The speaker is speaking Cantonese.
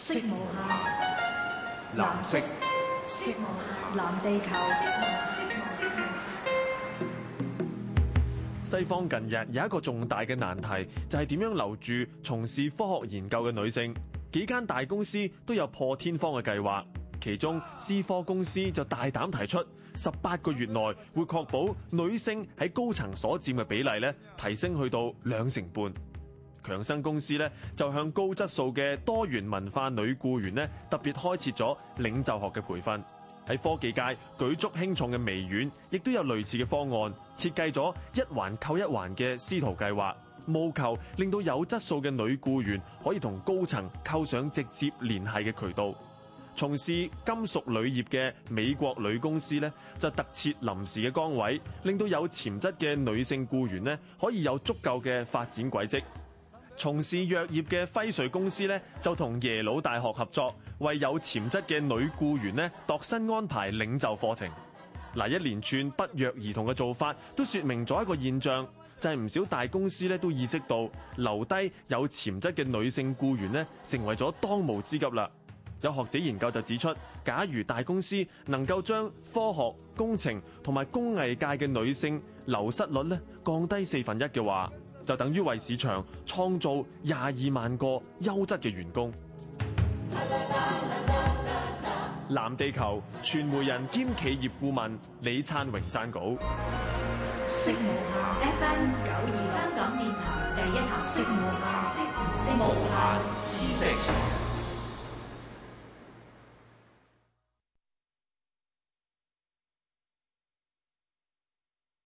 色藍色，色，藍地球，藍地球。西方近日有一個重大嘅難題，就係點樣留住從事科學研究嘅女性。幾間大公司都有破天荒嘅計劃，其中思科公司就大膽提出，十八個月內會確保女性喺高層所佔嘅比例咧提升去到兩成半。強生公司咧就向高質素嘅多元文化女雇員特別開設咗領袖學嘅培訓。喺科技界舉足輕重嘅微軟亦都有類似嘅方案，設計咗一環扣一環嘅師徒計劃，務求令到有質素嘅女雇員可以同高層扣上直接聯繫嘅渠道。從事金屬鋁業嘅美國女公司就特設臨時嘅崗位，令到有潛質嘅女性雇員可以有足夠嘅發展軌跡。從事藥業嘅輝瑞公司咧，就同耶魯大學合作，為有潛質嘅女雇員呢度身安排領袖課程。嗱，一連串不約而同嘅做法，都說明咗一個現象，就係、是、唔少大公司咧都意識到，留低有潛質嘅女性雇員呢成為咗當務之急啦。有學者研究就指出，假如大公司能夠將科學、工程同埋工藝界嘅女性流失率呢降低四分一嘅話，就等於為市場創造廿二萬個優質嘅員工。藍地球，傳媒人兼企業顧問李燦榮撰稿。